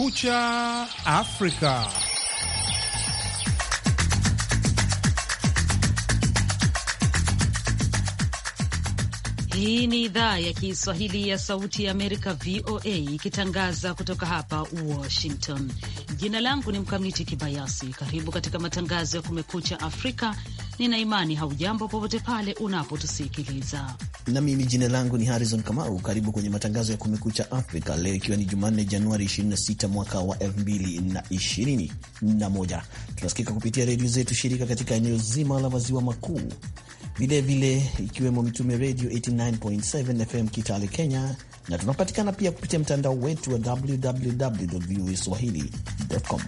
Kumekucha Afrika. Hii ni idhaa ya Kiswahili ya Sauti ya Amerika, VOA, ikitangaza kutoka hapa Washington. Jina langu ni Mkamiti Kibayasi. Karibu katika matangazo ya Kumekucha Afrika Nina imani haujambo popote pale unapotusikiliza. Na mimi jina langu ni Harrison Kamau. Karibu kwenye matangazo ya Kumekucha Afrika leo ikiwa ni Jumanne, Januari 26 mwaka wa 2021. Tunasikika kupitia redio zetu shirika katika eneo zima la maziwa makuu, vilevile ikiwemo mitume Redio 89.7 FM Kitale, Kenya, na tunapatikana pia kupitia mtandao wetu wa www voa swahili.com.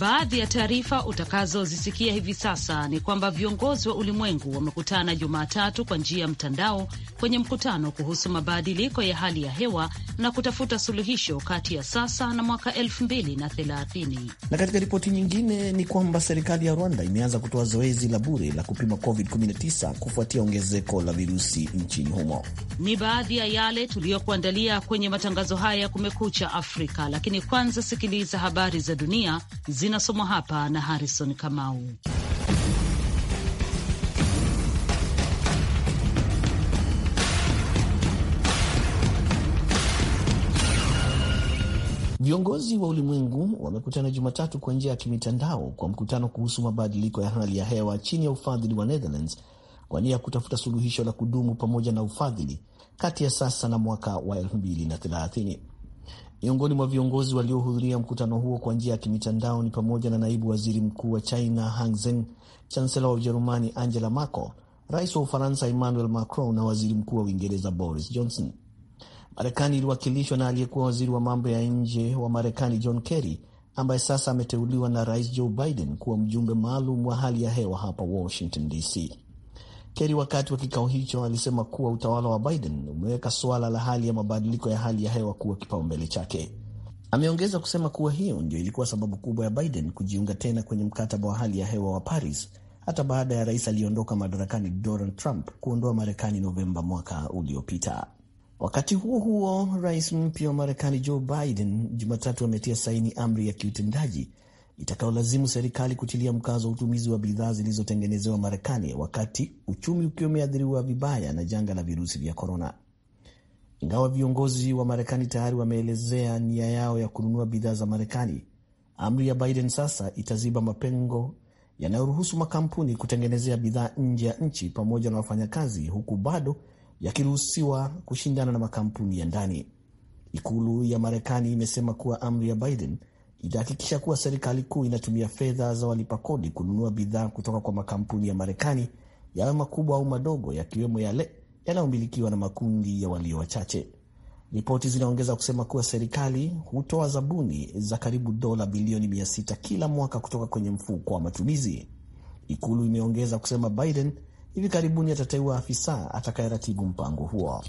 Baadhi ya taarifa utakazozisikia hivi sasa ni kwamba viongozi wa ulimwengu wamekutana Jumatatu kwa njia ya mtandao kwenye mkutano kuhusu mabadiliko ya hali ya hewa na kutafuta suluhisho kati ya sasa na mwaka 2030. Na katika ripoti nyingine ni kwamba serikali ya Rwanda imeanza kutoa zoezi la bure la kupima COVID-19 kufuatia ongezeko la virusi nchini humo. Ni baadhi ya yale tuliyokuandalia kwenye matangazo haya Kumekucha Afrika, lakini kwanza sikiliza habari za dunia zinasomwa hapa na Harrison Kamau. Viongozi wa ulimwengu wamekutana Jumatatu kwa njia ya kimitandao kwa mkutano kuhusu mabadiliko ya hali ya hewa chini ya ufadhili wa Netherlands kwa nia ya kutafuta suluhisho la kudumu pamoja na ufadhili kati ya sasa na mwaka wa 2030. Miongoni mwa viongozi waliohudhuria mkutano huo kwa njia ya kimitandao ni pamoja na naibu waziri mkuu wa China Hun chancela chansela wa Ujerumani Angela Merkel, rais wa Ufaransa Emmanuel Macron na waziri mkuu wa Uingereza Boris Johnson. Marekani iliwakilishwa na aliyekuwa waziri wa mambo ya nje wa Marekani John Kerry ambaye sasa ameteuliwa na Rais Joe Biden kuwa mjumbe maalum wa hali ya hewa hapa Washington DC. Kerry wakati wa kikao hicho alisema kuwa utawala wa Biden umeweka suala la hali ya mabadiliko ya hali ya hewa kuwa kipaumbele chake. Ameongeza kusema kuwa hiyo ndio ilikuwa sababu kubwa ya Biden kujiunga tena kwenye mkataba wa hali ya hewa wa Paris hata baada ya rais aliyeondoka madarakani Donald Trump kuondoa Marekani Novemba mwaka uliopita. Wakati huo huo, rais mpya wa Marekani Joe Biden Jumatatu ametia saini amri ya kiutendaji itakayolazimu serikali kutilia mkazo wa utumizi wa bidhaa zilizotengenezewa Marekani wakati uchumi ukiwa umeathiriwa vibaya na janga la virusi vya korona. Ingawa viongozi wa Marekani tayari wameelezea nia yao ya kununua bidhaa za Marekani, amri ya Biden sasa itaziba mapengo yanayoruhusu makampuni kutengenezea bidhaa nje ya nchi pamoja na wafanyakazi, huku bado yakiruhusiwa kushindana na makampuni ya ndani. Ikulu ya Marekani imesema kuwa amri ya Biden itahakikisha kuwa serikali kuu inatumia fedha za walipa kodi kununua bidhaa kutoka kwa makampuni ya Marekani, yawe makubwa au madogo, yakiwemo yale yanayomilikiwa na makundi ya walio wachache. Ripoti zinaongeza kusema kuwa serikali hutoa zabuni za karibu dola bilioni 600 kila mwaka kutoka kwenye mfuko wa matumizi. Ikulu imeongeza kusema Biden hivi karibuni atateua afisa atakayeratibu mpango huo.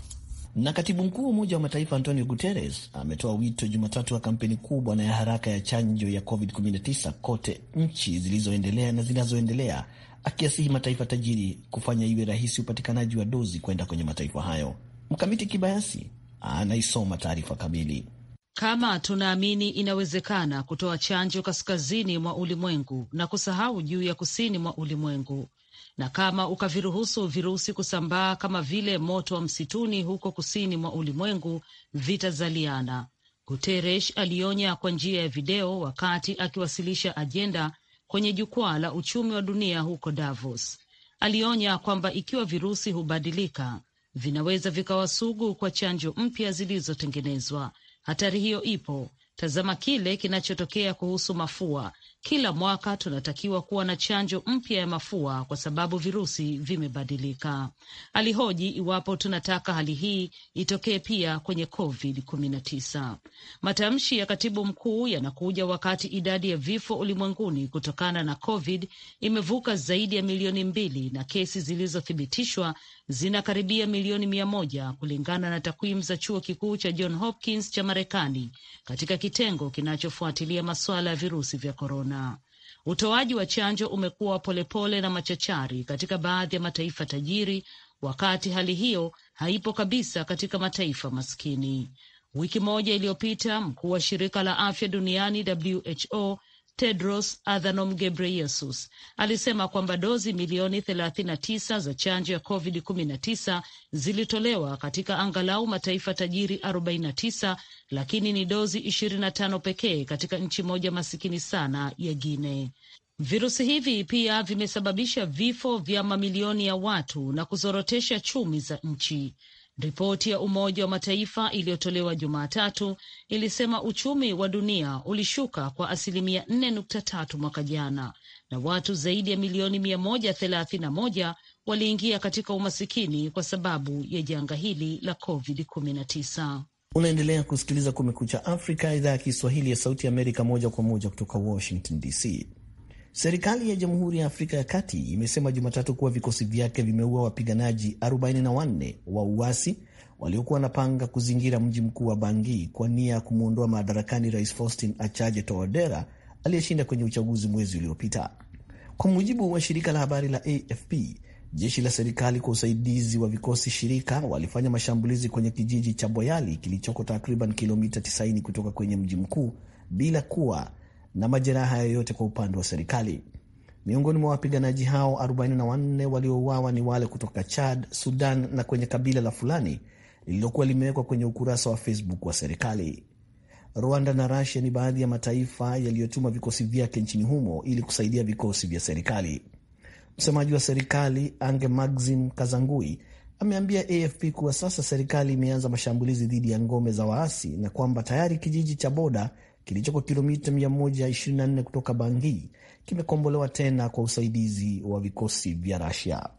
Na katibu mkuu wa Umoja wa Mataifa Antonio Guterres ametoa wito Jumatatu wa kampeni kubwa na ya haraka ya chanjo ya COVID-19 kote nchi zilizoendelea na zinazoendelea, akiasihi mataifa tajiri kufanya iwe rahisi upatikanaji wa dozi kwenda kwenye mataifa hayo. Mkamiti Kibayasi anaisoma taarifa kamili. Kama tunaamini inawezekana kutoa chanjo kaskazini mwa ulimwengu na kusahau juu ya kusini mwa ulimwengu, na kama ukaviruhusu virusi kusambaa kama vile moto wa msituni huko kusini mwa ulimwengu, vitazaliana. Guterres alionya kwa njia ya video wakati akiwasilisha ajenda kwenye jukwaa la uchumi wa dunia huko Davos. Alionya kwamba ikiwa virusi hubadilika, vinaweza vikawa sugu kwa chanjo mpya zilizotengenezwa. Hatari hiyo ipo. Tazama kile kinachotokea kuhusu mafua kila mwaka tunatakiwa kuwa na chanjo mpya ya mafua kwa sababu virusi vimebadilika. Alihoji iwapo tunataka hali hii itokee pia kwenye COVID-19. Matamshi ya katibu mkuu yanakuja wakati idadi ya vifo ulimwenguni kutokana na COVID imevuka zaidi ya milioni mbili na kesi zilizothibitishwa zinakaribia milioni mia moja kulingana na takwimu za chuo kikuu cha John Hopkins cha Marekani katika kitengo kinachofuatilia masuala ya virusi vya korona korona. Utoaji wa chanjo umekuwa polepole na machachari katika baadhi ya mataifa tajiri, wakati hali hiyo haipo kabisa katika mataifa maskini. Wiki moja iliyopita, mkuu wa shirika la afya duniani WHO Tedros Adhanom Ghebreyesus alisema kwamba dozi milioni 39 za chanjo ya COVID-19 zilitolewa katika angalau mataifa tajiri 49, lakini ni dozi 25 pekee katika nchi moja masikini sana ya Guinea. Virusi hivi pia vimesababisha vifo vya mamilioni ya watu na kuzorotesha chumi za nchi. Ripoti ya Umoja wa Mataifa iliyotolewa Jumatatu ilisema uchumi wa dunia ulishuka kwa asilimia 4.3 mwaka jana na watu zaidi ya milioni 131 waliingia katika umasikini kwa sababu ya janga hili la COVID-19. Unaendelea kusikiliza Kumekucha Afrika, idhaa ya Kiswahili ya Sauti ya Amerika, moja kwa moja kutoka Washington DC. Serikali ya Jamhuri ya Afrika ya Kati imesema Jumatatu kuwa vikosi vyake vimeua wapiganaji 44 wa uasi waliokuwa wanapanga kuzingira mji mkuu wa Bangi kwa nia ya kumwondoa madarakani Rais Faustin Achaje toadera aliyeshinda kwenye uchaguzi mwezi uliopita. Kwa mujibu wa shirika la habari la AFP, jeshi la serikali kwa usaidizi wa vikosi shirika walifanya mashambulizi kwenye kijiji cha Boyali kilichoko takriban kilomita 90 kutoka kwenye mji mkuu bila kuwa na majeraha yoyote kwa upande wa serikali. Miongoni mwa wapiganaji hao 44 waliouawa ni wale kutoka Chad, Sudan na kwenye kabila la Fulani lililokuwa limewekwa kwenye ukurasa wa Facebook wa serikali. Rwanda na rusia ni baadhi ya mataifa yaliyotuma vikosi vyake nchini humo ili kusaidia vikosi vya serikali. Msemaji wa serikali Ange Maxim Kazangui ameambia AFP kuwa sasa serikali imeanza mashambulizi dhidi ya ngome za waasi na kwamba tayari kijiji cha Boda kilichoko kilomita 124 kutoka bangi kimekombolewa tena kwa usaidizi wa vikosi vya Rusia.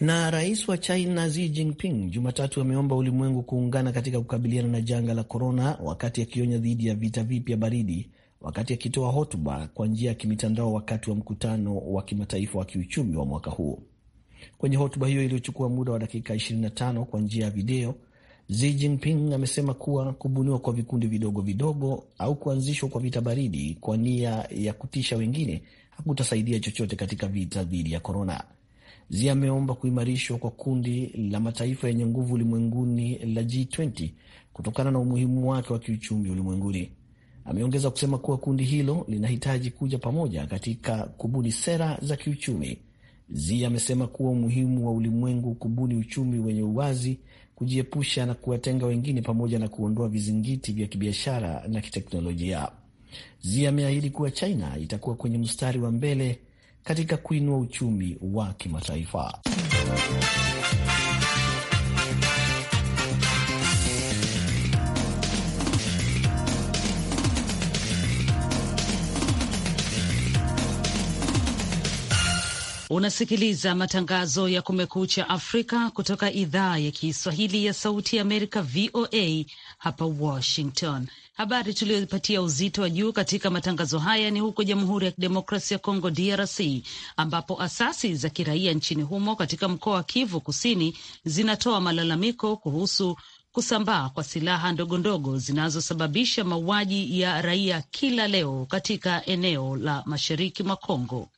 Na rais wa China Xi Jinping Jumatatu ameomba ulimwengu kuungana katika kukabiliana na janga la korona, wakati akionya dhidi ya vita vipya baridi, wakati akitoa hotuba kwa njia ya kimitandao wakati wa mkutano wa kimataifa wa kiuchumi wa mwaka huo. Kwenye hotuba hiyo iliyochukua muda wa dakika 25 kwa njia ya video Xi Jinping amesema kuwa kubuniwa kwa vikundi vidogo vidogo au kuanzishwa kwa vita baridi kwa nia ya kutisha wengine hakutasaidia chochote katika vita dhidi ya korona. Xi ameomba kuimarishwa kwa kundi la mataifa yenye nguvu ulimwenguni la G20 kutokana na umuhimu wake wa kiuchumi ulimwenguni. Ameongeza kusema kuwa kundi hilo linahitaji kuja pamoja katika kubuni sera za kiuchumi. Xi amesema kuwa umuhimu wa ulimwengu kubuni uchumi wenye uwazi kujiepusha na kuwatenga wengine pamoja na kuondoa vizingiti vya kibiashara na kiteknolojia. Xi ameahidi kuwa China itakuwa kwenye mstari wa mbele katika kuinua uchumi wa kimataifa. Unasikiliza matangazo ya Kumekucha Afrika kutoka idhaa ya Kiswahili ya Sauti ya Amerika, VOA hapa Washington. Habari tuliopatia uzito wa juu katika matangazo haya ni huko Jamhuri ya Kidemokrasia ya Kongo, DRC, ambapo asasi za kiraia nchini humo katika mkoa wa Kivu Kusini zinatoa malalamiko kuhusu kusambaa kwa silaha ndogondogo zinazosababisha mauaji ya raia kila leo katika eneo la mashariki mwa Kongo.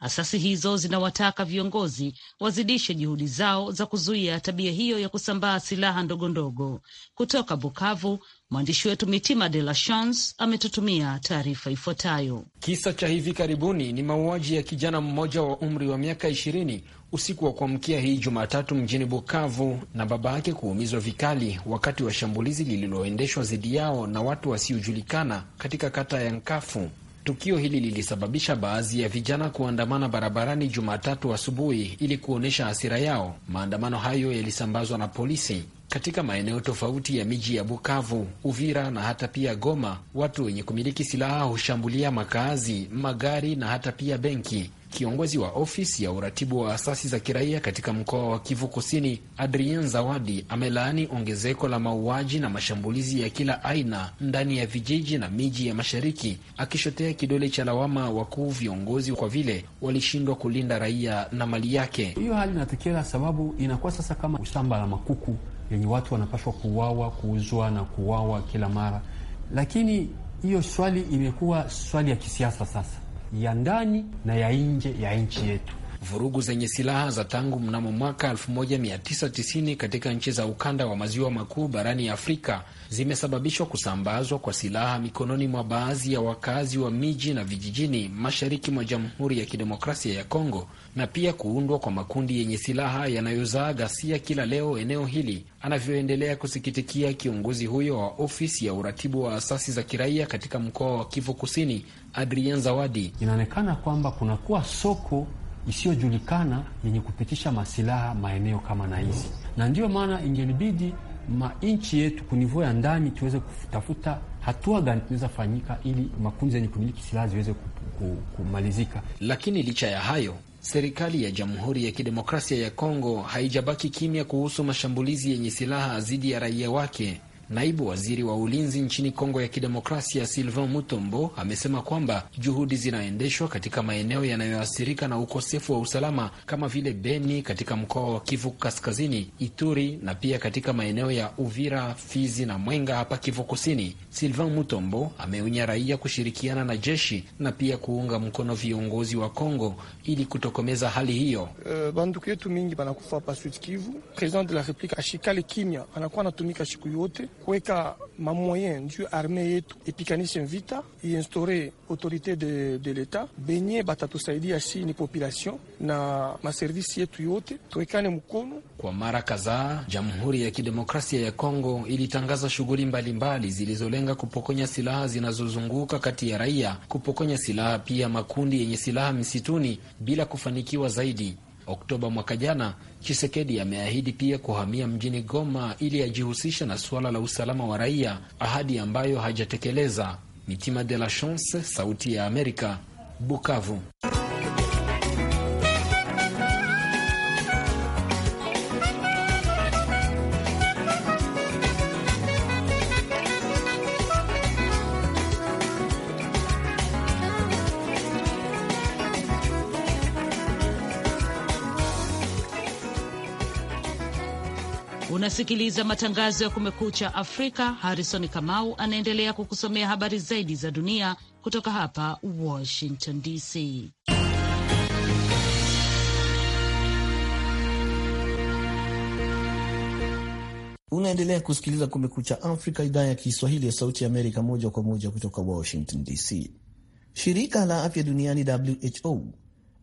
Asasi hizo zinawataka viongozi wazidishe juhudi zao za kuzuia tabia hiyo ya kusambaa silaha ndogondogo. Kutoka Bukavu, mwandishi wetu Mitima De La Chance ametutumia taarifa ifuatayo. Kisa cha hivi karibuni ni mauaji ya kijana mmoja wa umri wa miaka ishirini usiku wa kuamkia hii Jumatatu mjini Bukavu na baba yake kuumizwa vikali wakati wa shambulizi lililoendeshwa dhidi yao na watu wasiojulikana katika kata ya Nkafu. Tukio hili lilisababisha baadhi ya vijana kuandamana barabarani Jumatatu asubuhi ili kuonyesha hasira yao. Maandamano hayo yalisambazwa na polisi katika maeneo tofauti ya miji ya Bukavu, Uvira na hata pia Goma. Watu wenye kumiliki silaha hushambulia makaazi, magari na hata pia benki. Kiongozi wa ofisi ya uratibu wa asasi za kiraia katika mkoa wa Kivu Kusini, Adrien Zawadi, amelaani ongezeko la mauaji na mashambulizi ya kila aina ndani ya vijiji na miji ya mashariki, akishotea kidole cha lawama wakuu viongozi kwa vile walishindwa kulinda raia na mali yake. Hiyo hali inatekera sababu inakuwa sasa kama shamba la makuku yenye watu wanapaswa kuwawa, kuuzwa na kuwawa kila mara, lakini hiyo swali imekuwa swali ya kisiasa sasa ya ndani na ya nje ya nchi yetu vurugu zenye silaha za tangu mnamo mwaka 1990 katika nchi za ukanda wa maziwa makuu barani Afrika zimesababishwa kusambazwa kwa silaha mikononi mwa baadhi ya wakazi wa miji na vijijini mashariki mwa Jamhuri ya Kidemokrasia ya Kongo na pia kuundwa kwa makundi yenye silaha yanayozaa ghasia kila leo eneo hili, anavyoendelea kusikitikia kiongozi huyo wa ofisi ya uratibu wa asasi za kiraia katika mkoa wa Kivu Kusini, Adrien Zawadi. Inaonekana kwamba kunakuwa soko isiyojulikana yenye kupitisha masilaha maeneo kama na hizi, na ndiyo maana ingelibidi manchi yetu kunivo ya ndani tuweze kutafuta hatua gani tunaweza fanyika ili makundi yenye kumiliki silaha ziweze kumalizika. Lakini licha ya hayo, serikali ya Jamhuri ya Kidemokrasia ya Kongo haijabaki kimya kuhusu mashambulizi yenye silaha dhidi ya raia wake Naibu waziri wa ulinzi nchini Kongo ya Kidemokrasia, Sylvain Mutombo, amesema kwamba juhudi zinaendeshwa katika maeneo yanayoathirika na ukosefu wa usalama kama vile Beni katika mkoa wa Kivu Kaskazini, Ituri na pia katika maeneo ya Uvira, Fizi na Mwenga hapa Kivu Kusini. Sylvain Mutombo ameonya raia kushirikiana na jeshi na pia kuunga mkono viongozi wa Kongo ili kutokomeza hali hiyo. Uh, banduku yetu mingi banakufa Sud Kivu. President de la Republique kimya, anakuwa anatumika siku yote kuweka mamoyen juu arme yetu ipikanishe vita, iinstaure autorite de, de leta benye batatusaidia shi ni population na maservisi yetu yote, tuwekane mkono. Kwa mara kadhaa, Jamhuri ya Kidemokrasia ya Kongo ilitangaza shughuli mbalimbali zilizolenga kupokonya silaha zinazozunguka kati ya raia, kupokonya silaha pia makundi yenye silaha misituni bila kufanikiwa zaidi. Oktoba mwaka jana, Chisekedi ameahidi pia kuhamia mjini Goma ili ajihusisha na suala la usalama wa raia, ahadi ambayo hajatekeleza. Mitima de la Chance, Sauti ya Amerika, Bukavu. Unasikiliza matangazo ya Kumekucha Afrika. Harrison Kamau anaendelea kukusomea habari zaidi za dunia kutoka hapa Washington DC. Unaendelea kusikiliza Kumekucha Afrika, idhaa ya Kiswahili ya Sauti ya Amerika, moja kwa moja kutoka Washington DC. Shirika la Afya Duniani, WHO,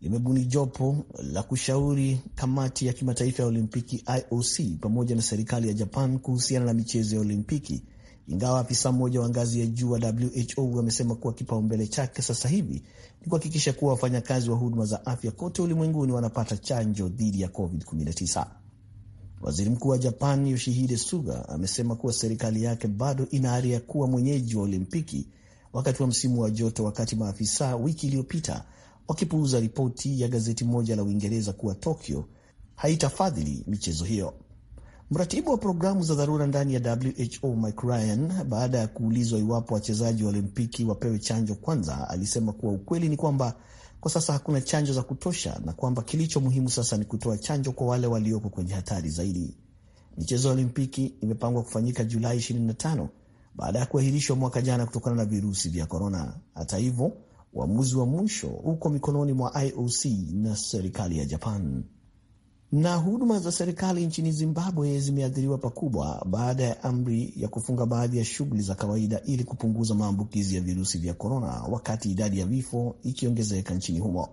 limebuni jopo la kushauri kamati ya kimataifa ya Olimpiki IOC pamoja na serikali ya Japan kuhusiana na michezo ya Olimpiki, ingawa afisa mmoja wa ngazi ya juu wa WHO amesema kuwa kipaumbele chake sasa hivi ni kuhakikisha kuwa wafanyakazi wa huduma za afya kote ulimwenguni wanapata chanjo dhidi ya COVID-19. Waziri mkuu wa Japan Yoshihide Suga amesema kuwa serikali yake bado ina ari ya kuwa mwenyeji wa Olimpiki wakati wa msimu wa joto, wakati maafisa wiki iliyopita wakipuuza ripoti ya gazeti moja la Uingereza kuwa Tokyo haitafadhili michezo hiyo. Mratibu wa programu za dharura ndani ya WHO Mike Ryan, baada ya kuulizwa iwapo wachezaji wa Olimpiki wapewe chanjo kwanza, alisema kuwa ukweli ni kwamba kwa sasa hakuna chanjo za kutosha na kwamba kilicho muhimu sasa ni kutoa chanjo kwa wale walioko kwenye hatari zaidi. Michezo ya Olimpiki imepangwa kufanyika Julai 25 baada ya kuahirishwa mwaka jana kutokana na virusi vya korona. Hata hivyo Uamuzi wa mwisho uko mikononi mwa IOC na serikali ya Japan. Na huduma za serikali nchini Zimbabwe zimeathiriwa pakubwa baada ya amri ya kufunga baadhi ya shughuli za kawaida ili kupunguza maambukizi ya virusi vya korona, wakati idadi ya vifo ikiongezeka nchini humo.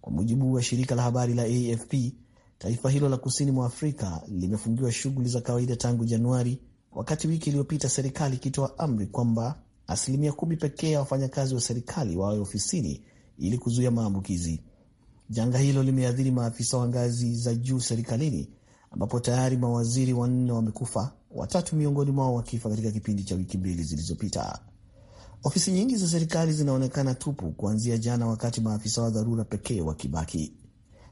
Kwa mujibu wa shirika la habari la AFP, taifa hilo la kusini mwa Afrika limefungiwa shughuli za kawaida tangu Januari, wakati wiki iliyopita serikali ikitoa amri kwamba asilimia kumi pekee ya wafanyakazi wa serikali wawe ofisini ili kuzuia maambukizi. Janga hilo limeathiri maafisa wa ngazi za juu serikalini ambapo tayari mawaziri wanne wamekufa, watatu miongoni mwao wakifa katika kipindi cha wiki mbili zilizopita. Ofisi nyingi za serikali zinaonekana tupu kuanzia jana, wakati maafisa wa dharura pekee wakibaki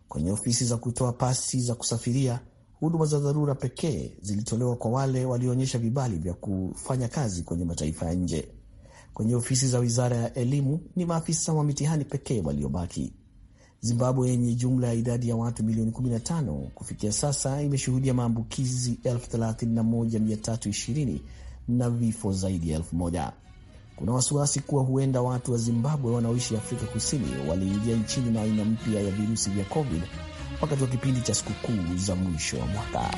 kwenye ofisi za kutoa pasi za kusafiria. Huduma za dharura pekee zilitolewa kwa wale walioonyesha vibali vya kufanya kazi kwenye mataifa ya nje. Kwenye ofisi za wizara ya elimu ni maafisa wa mitihani pekee waliobaki. Zimbabwe yenye jumla ya idadi ya watu milioni 15 kufikia sasa imeshuhudia maambukizi 31320 na vifo zaidi ya 1000. Kuna wasiwasi kuwa huenda watu wa Zimbabwe wanaoishi Afrika Kusini waliingia nchini na aina mpya ya virusi vya COVID wakati wa kipindi cha sikukuu za mwisho wa mwaka.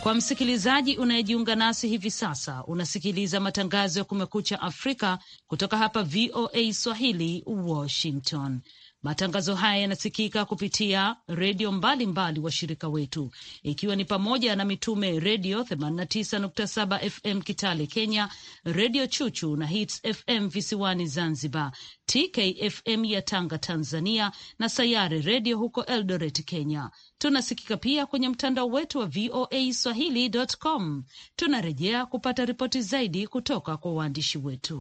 Kwa msikilizaji unayejiunga nasi hivi sasa, unasikiliza matangazo ya Kumekucha Afrika kutoka hapa VOA Swahili, Washington. Matangazo haya yanasikika kupitia redio mbalimbali washirika wetu, ikiwa ni pamoja na Mitume Redio 89.7 FM Kitale Kenya, Redio Chuchu na Hits FM visiwani Zanzibar, TKFM ya Tanga Tanzania, na Sayare Redio huko Eldoret Kenya. Tunasikika pia kwenye mtandao wetu wa VOA Swahili.com. Tunarejea kupata ripoti zaidi kutoka kwa waandishi wetu.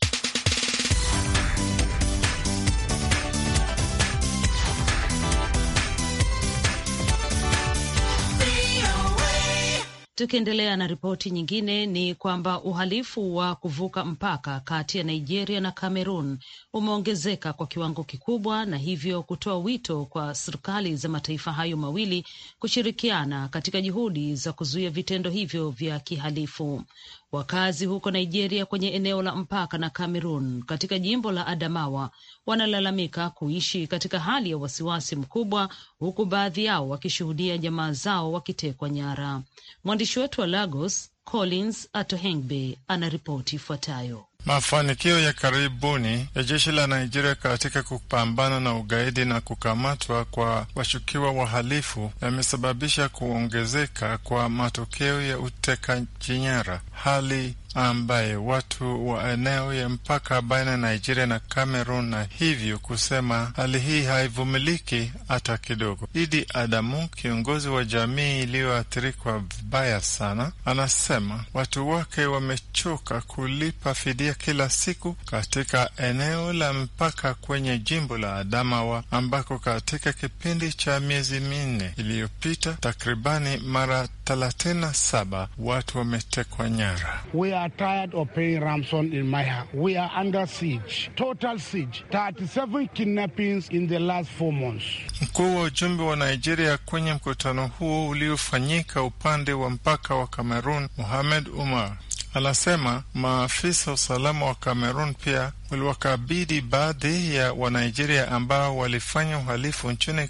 Tukiendelea na ripoti nyingine ni kwamba uhalifu wa kuvuka mpaka kati ya Nigeria na Cameroon umeongezeka kwa kiwango kikubwa na hivyo kutoa wito kwa serikali za mataifa hayo mawili kushirikiana katika juhudi za kuzuia vitendo hivyo vya kihalifu. Wakazi huko Nigeria kwenye eneo la mpaka na Cameroon katika jimbo la Adamawa wanalalamika kuishi katika hali ya wasiwasi mkubwa, huku baadhi yao wakishuhudia jamaa zao wakitekwa nyara. Mwandishi wetu wa Lagos Collins Atohengbe anaripoti ifuatayo. Mafanikio ya karibuni ya jeshi la Nigeria katika kupambana na ugaidi na kukamatwa kwa washukiwa wahalifu yamesababisha kuongezeka kwa matokeo ya utekaji nyara, hali ambaye watu wa eneo ya mpaka baina ya Nigeria na Cameroon, na hivyo kusema hali hii haivumiliki hata kidogo. Idi Adamu, kiongozi wa jamii iliyoathirikwa vibaya sana, anasema watu wake wamechoka kulipa fidia kila siku katika eneo la mpaka kwenye jimbo la Adamawa, ambako katika kipindi cha miezi minne iliyopita takribani mara thelathini na saba watu wametekwa nyara We are tired of paying ransom in Maya. We are under siege, total siege. 37 kidnappings in the last four months. Mkuu wa ujumbe wa Nigeria kwenye mkutano huo uliofanyika upande wa mpaka wa Cameroon, Mohamed Umar anasema maafisa usalama wa Cameroon pia waliwakabidi baadhi ya Wanigeria ambao walifanya uhalifu nchini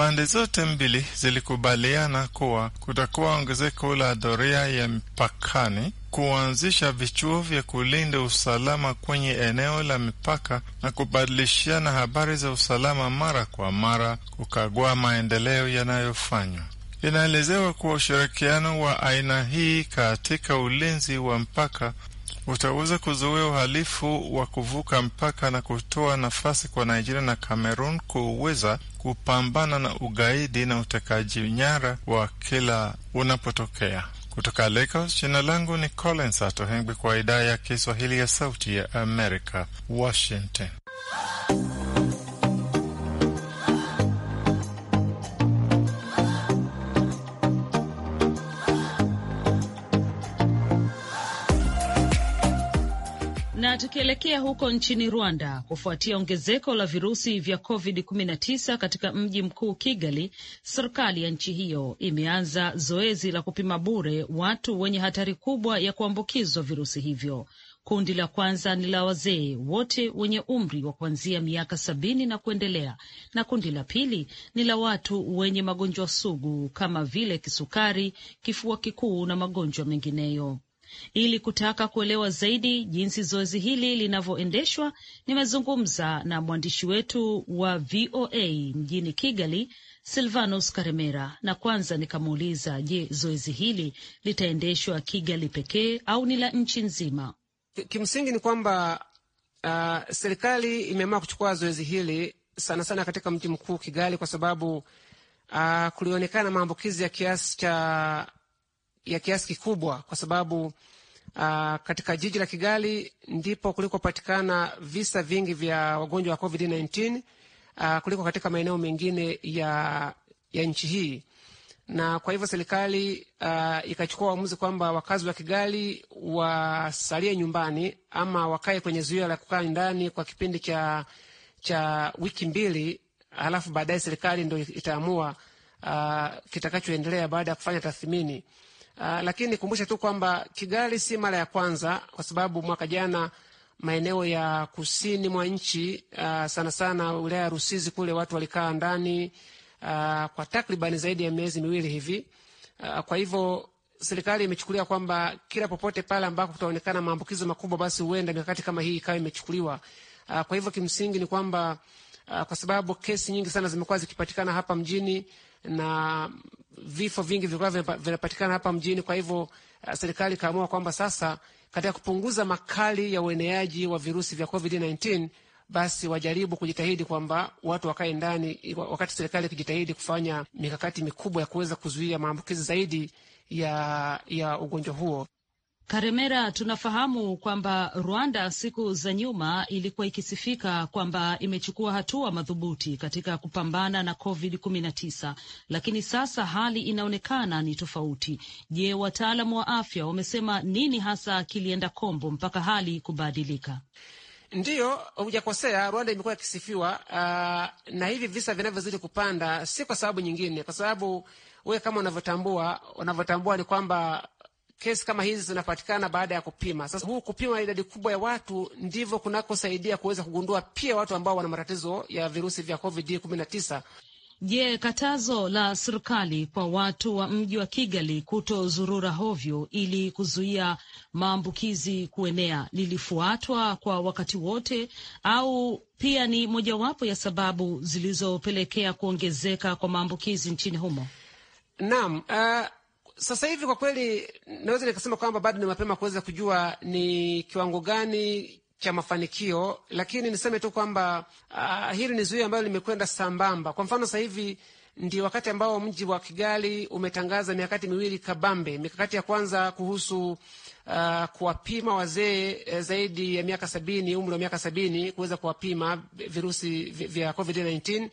Pande zote mbili zilikubaliana kuwa kutakuwa ongezeko la doria ya mpakani, kuanzisha vichuo vya kulinda usalama kwenye eneo la mipaka na kubadilishana habari za usalama mara kwa mara, kukagua maendeleo yanayofanywa. Inaelezewa kuwa ushirikiano wa aina hii katika ulinzi wa mpaka utaweza kuzuia uhalifu wa kuvuka mpaka na kutoa nafasi kwa Nigeria na Cameroon kuweza kupambana na ugaidi na utekaji nyara wa kila unapotokea. Kutoka Lagos, jina langu ni Collins Atohengwi, kwa idhaa ya Kiswahili ya Sauti ya Amerika, Washington. tukielekea huko nchini Rwanda kufuatia ongezeko la virusi vya COVID-19 katika mji mkuu Kigali, serikali ya nchi hiyo imeanza zoezi la kupima bure watu wenye hatari kubwa ya kuambukizwa virusi hivyo. Kundi la kwanza ni la wazee wote wenye umri wa kuanzia miaka sabini na kuendelea, na kundi la pili ni la watu wenye magonjwa sugu kama vile kisukari, kifua kikuu na magonjwa mengineyo. Ili kutaka kuelewa zaidi jinsi zoezi hili linavyoendeshwa, nimezungumza na mwandishi wetu wa VOA mjini Kigali, Silvanus Karemera, na kwanza nikamuuliza, je, zoezi hili litaendeshwa Kigali pekee au ni la nchi nzima? Kimsingi ni kwamba uh, serikali imeamua kuchukua zoezi hili sana sana katika mji mkuu Kigali kwa sababu uh, kulionekana maambukizi ya kiasi cha ya kiasi kikubwa, kwa sababu Uh, katika jiji la Kigali ndipo kulikopatikana visa vingi vya wagonjwa wa COVID-19 uh, ah, kuliko katika maeneo mengine ya, ya nchi hii, na kwa hivyo serikali uh, ikachukua uamuzi kwamba wakazi wa Kigali wasalie nyumbani ama wakae kwenye zuio la kukaa ndani kwa kipindi cha, cha wiki mbili, alafu baadaye serikali ndo itaamua uh, kitakachoendelea baada ya kufanya tathmini. Uh, lakini nikumbushe tu kwamba Kigali si mara ya kwanza, kwa sababu mwaka jana maeneo ya kusini mwa nchi uh, sana sana wilaya ya Rusizi kule watu walikaa ndani uh, kwa takribani zaidi ya miezi miwili hivi uh, kwa hivyo serikali imechukulia kwamba kila popote pale ambako kutaonekana maambukizo makubwa, basi huenda mikakati kama hii ikawa imechukuliwa. Uh, kwa hivyo kimsingi ni kwamba uh, kwa sababu kesi nyingi sana zimekuwa zikipatikana hapa mjini na vifo vingi vilikuwa vinapatikana hapa mjini. Kwa hivyo uh, serikali ikaamua kwamba sasa katika kupunguza makali ya ueneaji wa virusi vya COVID-19 basi wajaribu kujitahidi kwamba watu wakae ndani, wakati serikali ikijitahidi kufanya mikakati mikubwa ya kuweza kuzuia maambukizi zaidi ya, ya ugonjwa huo. Karemera, tunafahamu kwamba Rwanda siku za nyuma ilikuwa ikisifika kwamba imechukua hatua madhubuti katika kupambana na COVID 19 lakini sasa hali inaonekana ni tofauti. Je, wataalamu wa afya wamesema nini hasa kilienda kombo mpaka hali kubadilika? Ndiyo, hujakosea. Rwanda imekuwa ikisifiwa uh, na hivi visa vinavyozidi kupanda si kwa sababu nyingine, kwa sababu wewe kama unavyotambua unavyotambua ni kwamba kesi kama hizi zinapatikana baada ya kupima. Sasa huu kupima idadi kubwa ya watu ndivyo kunakosaidia kuweza kugundua pia watu ambao wana matatizo ya virusi vya COVID 19. Je, katazo la serikali kwa watu wa mji wa Kigali kutozurura hovyo ili kuzuia maambukizi kuenea lilifuatwa kwa wakati wote au pia ni mojawapo ya sababu zilizopelekea kuongezeka kwa maambukizi nchini humo? Naam, uh... Sasa hivi kwa kweli naweza nikasema kwamba bado ni mapema kuweza kujua ni kiwango gani cha mafanikio, lakini niseme tu kwamba uh, hili ni zuio ambalo limekwenda sambamba. Kwa mfano sasa hivi ndio wakati ambao mji wa Kigali umetangaza mikakati miwili kabambe. Mikakati ya kwanza kuhusu uh, kuwapima wazee eh, zaidi ya miaka sabini, umri wa miaka sabini, kuweza kuwapima virusi vya COVID-19 uh,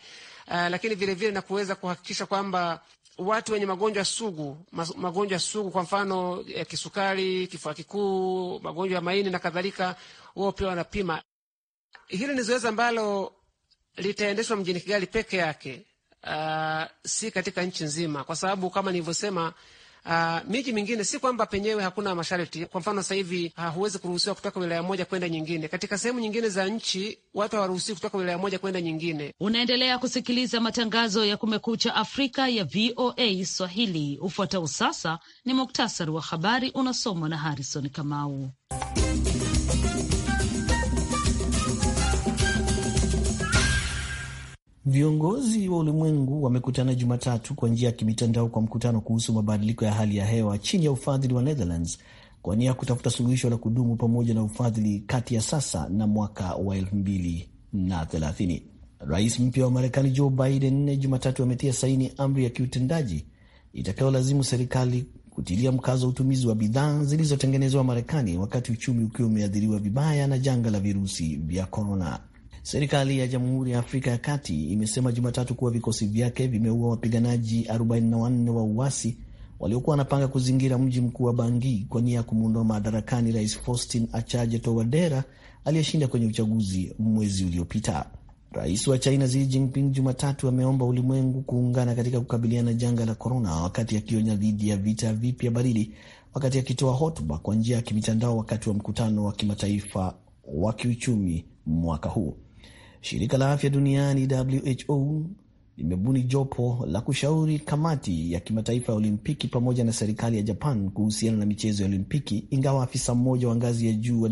ah, lakini vilevile na kuweza kuhakikisha kwamba watu wenye magonjwa sugu, magonjwa sugu kwa mfano ya kisukari, kifua kikuu, magonjwa ya maini na kadhalika, wao pia wanapima. Hili ni zoezi ambalo litaendeshwa mjini Kigali peke yake, uh, si katika nchi nzima, kwa sababu kama nilivyosema Uh, miji mingine si kwamba penyewe hakuna masharti. Kwa mfano sasa hivi uh, huwezi kuruhusiwa kutoka wilaya moja kwenda nyingine. Katika sehemu nyingine za nchi watu hawaruhusiwi kutoka wilaya moja kwenda nyingine. Unaendelea kusikiliza matangazo ya Kumekucha Afrika ya VOA Swahili. Ufuatao sasa ni muktasari wa habari unasomwa na Harrison Kamau. Viongozi wa ulimwengu wamekutana Jumatatu kwa njia ya kimitandao kwa mkutano kuhusu mabadiliko ya hali ya hewa chini ya ufadhili wa Netherlands kwa nia ya kutafuta suluhisho la kudumu pamoja na ufadhili kati ya sasa na mwaka wa 2030. Rais mpya wa Marekani Joe Biden Jumatatu ametia saini amri ya kiutendaji itakayolazimu serikali kutilia mkazo wa utumizi wa bidhaa zilizotengenezwa Marekani wakati uchumi ukiwa umeathiriwa vibaya na janga la virusi vya korona. Serikali ya Jamhuri ya Afrika ya Kati imesema Jumatatu kuwa vikosi vyake vimeua wapiganaji 44 wa uasi waliokuwa wanapanga kuzingira mji mkuu wa Bangi kwa nia ya kumwondoa madarakani Rais Faustin Achaje Towadera aliyeshinda kwenye uchaguzi mwezi uliopita. Rais wa China Xi Jinping Jumatatu ameomba ulimwengu kuungana katika kukabiliana janga la korona, wakati akionya dhidi ya vita vipya baridi, wakati akitoa hotuba kwa njia ya kimitandao wakati wa mkutano wa kimataifa wa kiuchumi mwaka huu. Shirika la Afya Duniani WHO limebuni jopo la kushauri kamati ya kimataifa ya Olimpiki pamoja na serikali ya Japan kuhusiana na michezo ya Olimpiki, ingawa afisa mmoja wa ngazi ya juu wa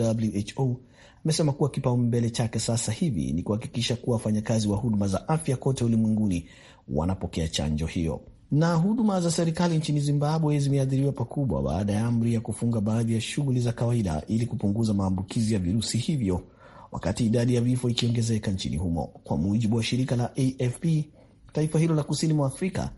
WHO amesema kuwa kipaumbele chake sasa hivi ni kuhakikisha kuwa wafanyakazi wa huduma za afya kote ulimwenguni wanapokea chanjo hiyo. Na huduma za serikali nchini Zimbabwe zimeathiriwa pakubwa baada ya amri ya kufunga baadhi ya shughuli za kawaida ili kupunguza maambukizi ya virusi hivyo wakati idadi ya vifo ikiongezeka nchini humo. Kwa mujibu wa shirika la AFP, taifa hilo la kusini mwa Afrika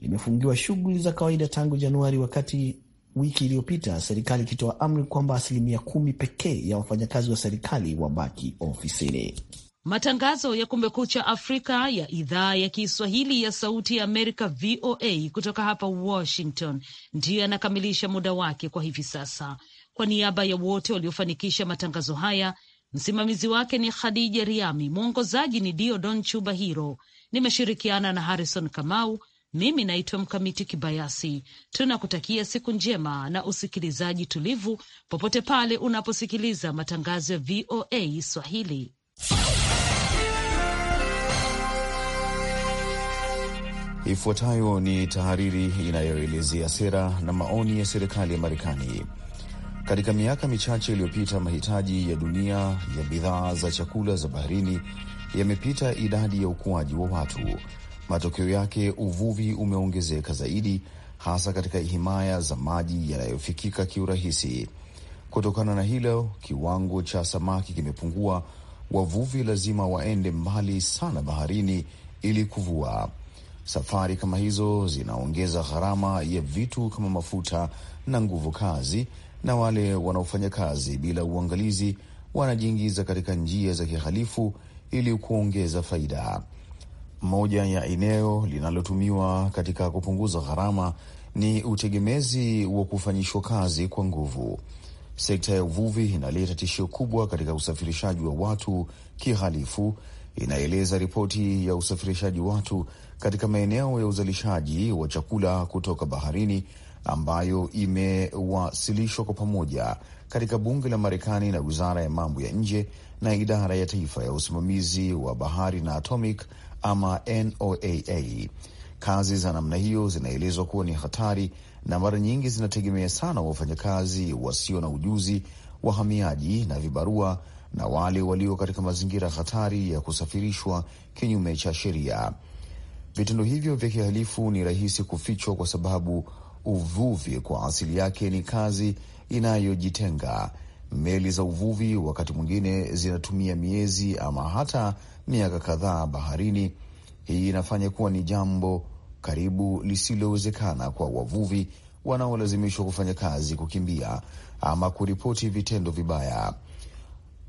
limefungiwa shughuli za kawaida tangu Januari, wakati wiki iliyopita serikali ikitoa amri kwamba asilimia kumi pekee ya wafanyakazi wa serikali wabaki ofisini. Matangazo ya Kumekucha Afrika ya idhaa ya Kiswahili ya Sauti ya Amerika, VOA, kutoka hapa Washington, ndiyo yanakamilisha muda wake kwa hivi sasa. Kwa niaba ya wote waliofanikisha matangazo haya Msimamizi wake ni Khadija Riami, mwongozaji ni dio don Chuba Hiro. Nimeshirikiana na Harrison Kamau. Mimi naitwa Mkamiti Kibayasi. Tunakutakia siku njema na usikilizaji tulivu popote pale unaposikiliza matangazo ya VOA Swahili. Ifuatayo ni tahariri inayoelezea sera na maoni ya serikali ya Marekani. Katika miaka michache iliyopita, mahitaji ya dunia ya bidhaa za chakula za baharini yamepita idadi ya ukuaji wa watu. Matokeo yake, uvuvi umeongezeka zaidi, hasa katika himaya za maji yanayofikika kiurahisi. Kutokana na hilo, kiwango cha samaki kimepungua. Wavuvi lazima waende mbali sana baharini ili kuvua. Safari kama hizo zinaongeza gharama ya vitu kama mafuta na nguvu kazi, na wale wanaofanya kazi bila uangalizi wanajiingiza katika njia za kihalifu ili kuongeza faida. Moja ya eneo linalotumiwa katika kupunguza gharama ni utegemezi wa kufanyishwa kazi kwa nguvu. Sekta ya uvuvi inaleta tishio kubwa katika usafirishaji wa watu kihalifu, inaeleza ripoti ya usafirishaji watu katika maeneo ya uzalishaji wa chakula kutoka baharini ambayo imewasilishwa kwa pamoja katika bunge la Marekani na wizara ya mambo ya nje na idara ya taifa ya usimamizi wa bahari na atomic ama NOAA. Kazi za namna hiyo zinaelezwa kuwa ni hatari na mara nyingi zinategemea sana wafanyakazi wasio na ujuzi, wahamiaji na vibarua, na wale walio katika mazingira hatari ya kusafirishwa kinyume cha sheria. Vitendo hivyo vya kihalifu ni rahisi kufichwa kwa sababu Uvuvi kwa asili yake ni kazi inayojitenga. Meli za uvuvi wakati mwingine zinatumia miezi ama hata miaka kadhaa baharini. Hii inafanya kuwa ni jambo karibu lisilowezekana kwa wavuvi wanaolazimishwa kufanya kazi, kukimbia ama kuripoti vitendo vibaya.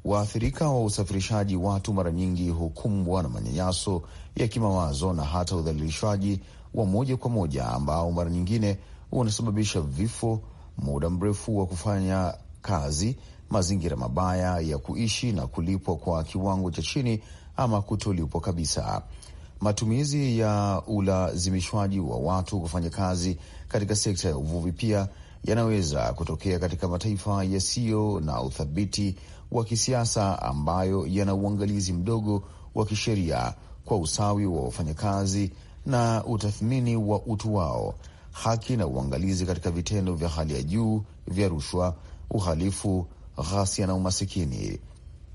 Waathirika wa usafirishaji watu mara nyingi hukumbwa na manyanyaso ya kimawazo na hata udhalilishaji wa moja kwa moja ambao mara nyingine unasababisha vifo, muda mrefu wa kufanya kazi, mazingira mabaya ya kuishi na kulipwa kwa kiwango cha chini ama kutolipwa kabisa. Matumizi ya ulazimishwaji wa watu kufanya kazi katika sekta ya uvuvi pia yanaweza kutokea katika mataifa yasiyo na uthabiti wa kisiasa ambayo yana uangalizi mdogo wa kisheria kwa usawi wa wafanyakazi na utathmini wa utu wao haki na uangalizi katika vitendo vya hali ya juu vya rushwa, uhalifu, ghasia na umasikini.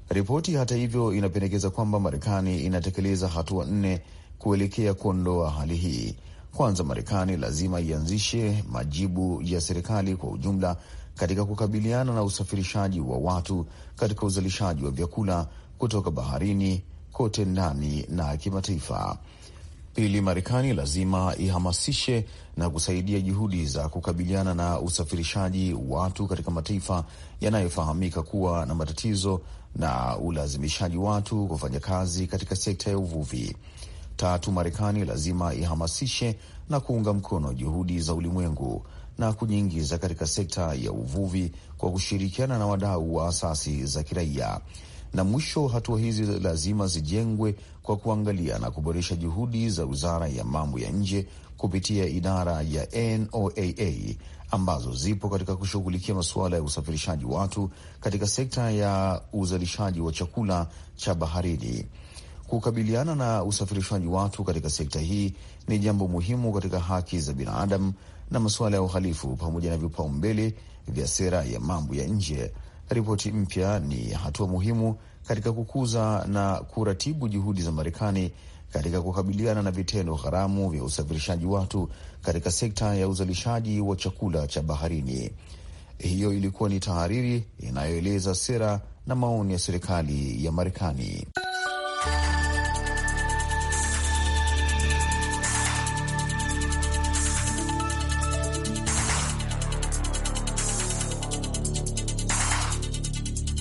Ripoti hata hivyo inapendekeza kwamba Marekani inatekeleza hatua nne kuelekea kuondoa hali hii. Kwanza, Marekani lazima ianzishe majibu ya serikali kwa ujumla katika kukabiliana na usafirishaji wa watu katika uzalishaji wa vyakula kutoka baharini kote ndani na kimataifa. Pili, Marekani lazima ihamasishe na kusaidia juhudi za kukabiliana na usafirishaji watu katika mataifa yanayofahamika kuwa na matatizo na ulazimishaji watu kufanya kazi katika sekta ya uvuvi. Tatu, Marekani lazima ihamasishe na kuunga mkono juhudi za ulimwengu na kujiingiza katika sekta ya uvuvi kwa kushirikiana na wadau wa asasi za kiraia. Na mwisho, hatua hizi lazima zijengwe kwa kuangalia na kuboresha juhudi za Wizara ya Mambo ya Nje kupitia idara ya NOAA ambazo zipo katika kushughulikia masuala ya usafirishaji watu katika sekta ya uzalishaji wa chakula cha baharini. Kukabiliana na usafirishaji watu katika sekta hii ni jambo muhimu katika haki za binadamu na masuala ya uhalifu pamoja na vipaumbele vya sera ya mambo ya nje Ripoti mpya ni hatua muhimu katika kukuza na kuratibu juhudi za Marekani katika kukabiliana na vitendo haramu vya usafirishaji watu katika sekta ya uzalishaji wa chakula cha baharini. Hiyo ilikuwa ni tahariri inayoeleza sera na maoni ya serikali ya Marekani.